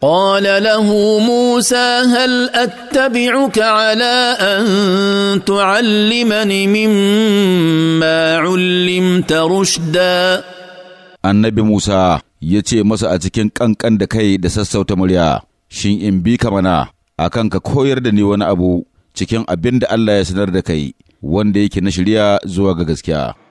قال له موسى هل اتبعك على ان تعلمني مما علمت رشدا annabi Musa ya ce masa a cikin ƙanƙan da kai da sassauta murya, Shin in bi ka mana, a kan ka koyar da ni wani abu cikin abin da Allah ya sanar da kai, wanda yake na shirya zuwa ga gaskiya.